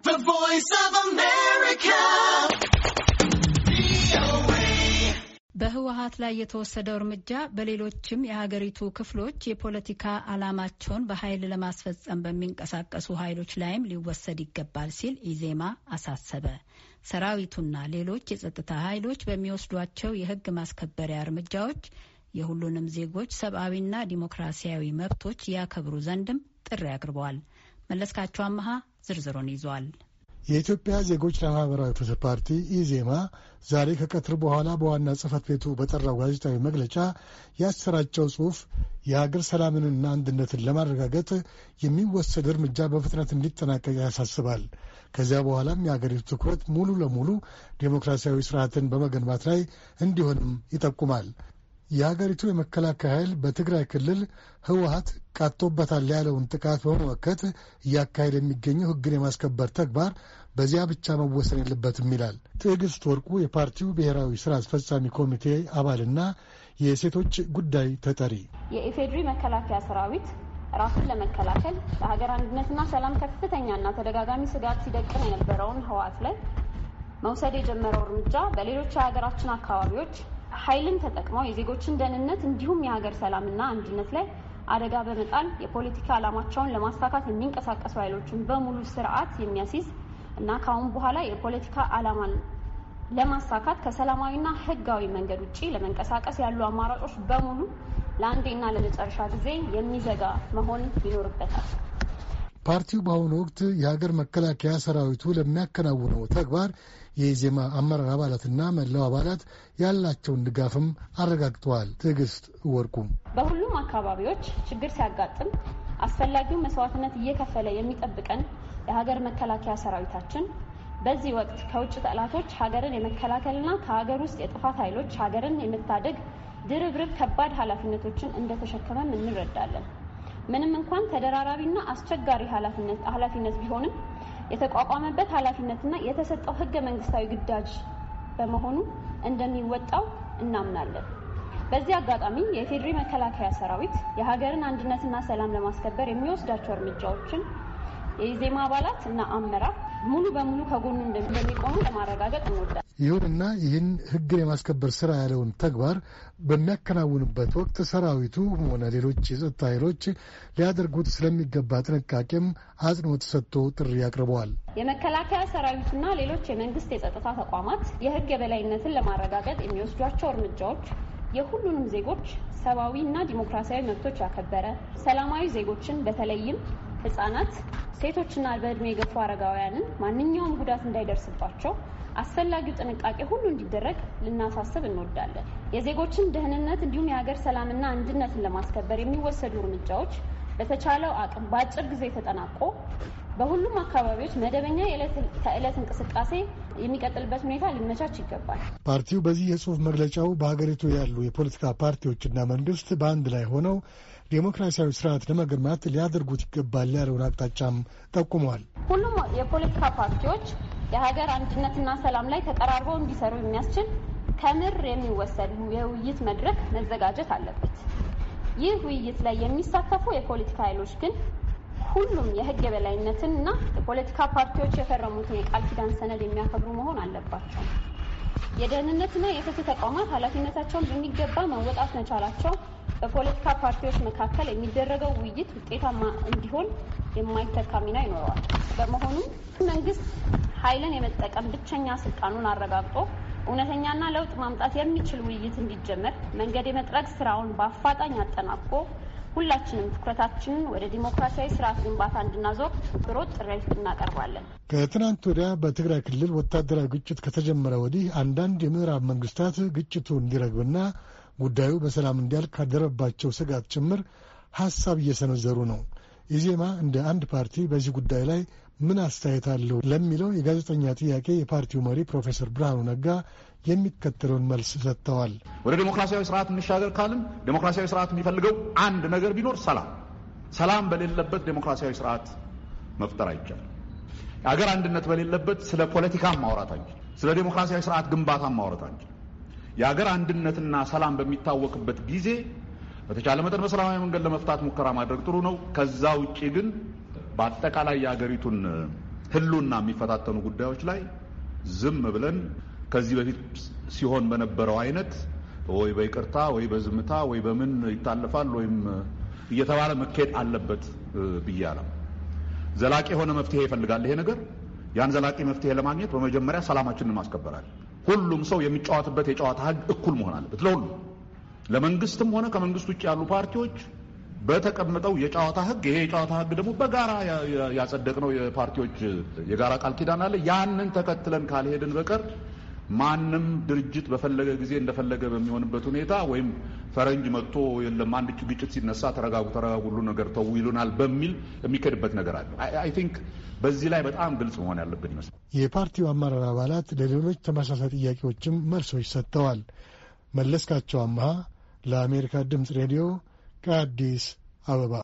The Voice of America. በህወሀት ላይ የተወሰደው እርምጃ በሌሎችም የሀገሪቱ ክፍሎች የፖለቲካ ዓላማቸውን በኃይል ለማስፈጸም በሚንቀሳቀሱ ኃይሎች ላይም ሊወሰድ ይገባል ሲል ኢዜማ አሳሰበ። ሰራዊቱና ሌሎች የጸጥታ ኃይሎች በሚወስዷቸው የህግ ማስከበሪያ እርምጃዎች የሁሉንም ዜጎች ሰብአዊና ዲሞክራሲያዊ መብቶች ያከብሩ ዘንድም ጥሪ አቅርበዋል። መለስካቸው አመሃ ዝርዝሩን ይዟል። የኢትዮጵያ ዜጎች ለማህበራዊ ፍትህ ፓርቲ ኢዜማ ዛሬ ከቀትር በኋላ በዋና ጽህፈት ቤቱ በጠራው ጋዜጣዊ መግለጫ ያሰራጨው ጽሑፍ የሀገር ሰላምንና አንድነትን ለማረጋገጥ የሚወሰድ እርምጃ በፍጥነት እንዲጠናቀቅ ያሳስባል። ከዚያ በኋላም የአገሪቱ ትኩረት ሙሉ ለሙሉ ዴሞክራሲያዊ ስርዓትን በመገንባት ላይ እንዲሆንም ይጠቁማል። የሀገሪቱ የመከላከያ ኃይል በትግራይ ክልል ህወሀት ቃጦበታል ያለውን ጥቃት በመመከት እያካሄደ የሚገኘው ህግን የማስከበር ተግባር በዚያ ብቻ መወሰን የለበትም ይላል። ትዕግስት ወርቁ የፓርቲው ብሔራዊ ስራ አስፈጻሚ ኮሚቴ አባልና የሴቶች ጉዳይ ተጠሪ፣ የኢፌዴሪ መከላከያ ሰራዊት ራሱን ለመከላከል ለሀገር አንድነትና ሰላም ከፍተኛና ተደጋጋሚ ስጋት ሲደቅም የነበረውን ህወሀት ላይ መውሰድ የጀመረው እርምጃ በሌሎች የሀገራችን አካባቢዎች ኃይልን ተጠቅመው የዜጎችን ደህንነት እንዲሁም የሀገር ሰላምና አንድነት ላይ አደጋ በመጣል የፖለቲካ ዓላማቸውን ለማሳካት የሚንቀሳቀሱ ኃይሎችን በሙሉ ስርዓት የሚያስይዝ እና ከአሁን በኋላ የፖለቲካ ዓላማን ለማሳካት ከሰላማዊና ህጋዊ መንገድ ውጭ ለመንቀሳቀስ ያሉ አማራጮች በሙሉ ለአንዴና ለመጨረሻ ጊዜ የሚዘጋ መሆን ይኖርበታል። ፓርቲው በአሁኑ ወቅት የሀገር መከላከያ ሰራዊቱ ለሚያከናውነው ተግባር የኢዜማ አመራር አባላትና መላው አባላት ያላቸውን ድጋፍም አረጋግጠዋል። ትዕግስት ወርቁ በሁሉም አካባቢዎች ችግር ሲያጋጥም አስፈላጊው መስዋዕትነት እየከፈለ የሚጠብቀን የሀገር መከላከያ ሰራዊታችን በዚህ ወቅት ከውጭ ጠላቶች ሀገርን የመከላከልና ከሀገር ውስጥ የጥፋት ኃይሎች ሀገርን የመታደግ ድርብርብ ከባድ ኃላፊነቶችን እንደተሸከመም እንረዳለን። ምንም እንኳን ተደራራቢና አስቸጋሪ ኃላፊነት ቢሆንም የተቋቋመበት ኃላፊነትና የተሰጠው ህገ መንግስታዊ ግዳጅ በመሆኑ እንደሚወጣው እናምናለን። በዚህ አጋጣሚ የኢፌዴሪ መከላከያ ሰራዊት የሀገርን አንድነትና ሰላም ለማስከበር የሚወስዳቸው እርምጃዎችን የኢዜማ አባላት እና አመራር ሙሉ በሙሉ ከጎኑ እንደሚቆሙ ለማረጋገጥ እንወዳለን። ይሁንና ይህን ህግን የማስከበር ስራ ያለውን ተግባር በሚያከናውንበት ወቅት ሰራዊቱ ሆነ ሌሎች የጸጥታ ኃይሎች ሊያደርጉት ስለሚገባ ጥንቃቄም አጽንኦት ሰጥቶ ጥሪ አቅርበዋል። የመከላከያ ሰራዊቱና ሌሎች የመንግስት የጸጥታ ተቋማት የህግ የበላይነትን ለማረጋገጥ የሚወስዷቸው እርምጃዎች የሁሉንም ዜጎች ሰብአዊና ዲሞክራሲያዊ መብቶች ያከበረ ሰላማዊ ዜጎችን በተለይም ህጻናት፣ ሴቶችና በዕድሜ የገፉ አረጋውያንን ማንኛውም ጉዳት እንዳይደርስባቸው አስፈላጊው ጥንቃቄ ሁሉ እንዲደረግ ልናሳስብ እንወዳለን። የዜጎችን ደህንነት እንዲሁም የሀገር ሰላምና አንድነትን ለማስከበር የሚወሰዱ እርምጃዎች በተቻለው አቅም በአጭር ጊዜ ተጠናቆ በሁሉም አካባቢዎች መደበኛ ተዕለት እንቅስቃሴ የሚቀጥልበት ሁኔታ ሊመቻች ይገባል። ፓርቲው በዚህ የጽሁፍ መግለጫው በሀገሪቱ ያሉ የፖለቲካ ፓርቲዎችና መንግስት በአንድ ላይ ሆነው ዴሞክራሲያዊ ስርዓት ለመገንባት ሊያደርጉት ይገባል ያለውን አቅጣጫም ጠቁመዋል። ሁሉም የፖለቲካ ፓርቲዎች የሀገር አንድነትና ሰላም ላይ ተቀራርበው እንዲሰሩ የሚያስችል ከምር የሚወሰድ የውይይት መድረክ መዘጋጀት አለበት። ይህ ውይይት ላይ የሚሳተፉ የፖለቲካ ኃይሎች ግን ሁሉም የህግ የበላይነትን እና የፖለቲካ ፓርቲዎች የፈረሙትን የቃል ኪዳን ሰነድ የሚያከብሩ መሆን አለባቸው። የደህንነትና የፍትህ ተቋማት ኃላፊነታቸውን በሚገባ መወጣት መቻላቸው በፖለቲካ ፓርቲዎች መካከል የሚደረገው ውይይት ውጤታማ እንዲሆን የማይተካ ሚና ይኖረዋል። በመሆኑም መንግስት ኃይልን የመጠቀም ብቸኛ ስልጣኑን አረጋግጦ እውነተኛና ለውጥ ማምጣት የሚችል ውይይት እንዲጀመር መንገድ የመጥረግ ስራውን በአፋጣኝ አጠናቆ ሁላችንም ትኩረታችንን ወደ ዲሞክራሲያዊ ስርዓት ግንባታ እንድናዞር ብሮት ጥሪ እናቀርባለን። ከትናንት ወዲያ በትግራይ ክልል ወታደራዊ ግጭት ከተጀመረ ወዲህ አንዳንድ የምዕራብ መንግስታት ግጭቱ እንዲረግብና ጉዳዩ በሰላም እንዲያልቅ ካደረባቸው ስጋት ጭምር ሀሳብ እየሰነዘሩ ነው። ኢዜማ እንደ አንድ ፓርቲ በዚህ ጉዳይ ላይ ምን አስተያየት አለው ለሚለው የጋዜጠኛ ጥያቄ የፓርቲው መሪ ፕሮፌሰር ብርሃኑ ነጋ የሚከተለውን መልስ ሰጥተዋል። ወደ ዴሞክራሲያዊ ስርዓት እንሻገር ካልን ዴሞክራሲያዊ ስርዓት የሚፈልገው አንድ ነገር ቢኖር ሰላም፣ ሰላም በሌለበት ዴሞክራሲያዊ ስርዓት መፍጠር አይቻልም። የአገር አንድነት በሌለበት ስለ ፖለቲካም ማውራት አንችል፣ ስለ ዴሞክራሲያዊ ስርዓት ግንባታም ማውራት አንችል። የአገር አንድነትና ሰላም በሚታወቅበት ጊዜ በተቻለ መጠን በሰላማዊ መንገድ ለመፍታት ሙከራ ማድረግ ጥሩ ነው። ከዛ ውጭ ግን በአጠቃላይ የሀገሪቱን ህሉና የሚፈታተኑ ጉዳዮች ላይ ዝም ብለን ከዚህ በፊት ሲሆን በነበረው አይነት ወይ በይቅርታ ወይ በዝምታ ወይ በምን ይታለፋል ወይም እየተባለ መካሄድ አለበት ብዬ አለም። ዘላቂ የሆነ መፍትሄ ይፈልጋል ይሄ ነገር። ያን ዘላቂ መፍትሄ ለማግኘት በመጀመሪያ ሰላማችንን ማስከበራል። ሁሉም ሰው የሚጫወትበት የጨዋታ ህግ እኩል መሆን አለበት ለሁሉም ለመንግስትም ሆነ ከመንግስት ውጭ ያሉ ፓርቲዎች በተቀመጠው የጨዋታ ህግ ይሄ የጨዋታ ህግ ደግሞ በጋራ ያጸደቅነው የፓርቲዎች የጋራ ቃል ኪዳን አለ። ያንን ተከትለን ካልሄድን በቀር ማንም ድርጅት በፈለገ ጊዜ እንደፈለገ በሚሆንበት ሁኔታ ወይም ፈረንጅ መጥቶ የለም አንድ ግጭት ሲነሳ ተረጋጉ፣ ተረጋጉ፣ ሁሉ ነገር ተው ይሉናል በሚል የሚከድበት ነገር አለ። አይ ቲንክ በዚህ ላይ በጣም ግልጽ መሆን ያለብን ይመስላል። የፓርቲው አመራር አባላት ለሌሎች ተመሳሳይ ጥያቄዎችም መልሶች ሰጥተዋል። መለስካቸው አምሃ ለአሜሪካ ድምፅ ሬዲዮ ከአዲስ አበባ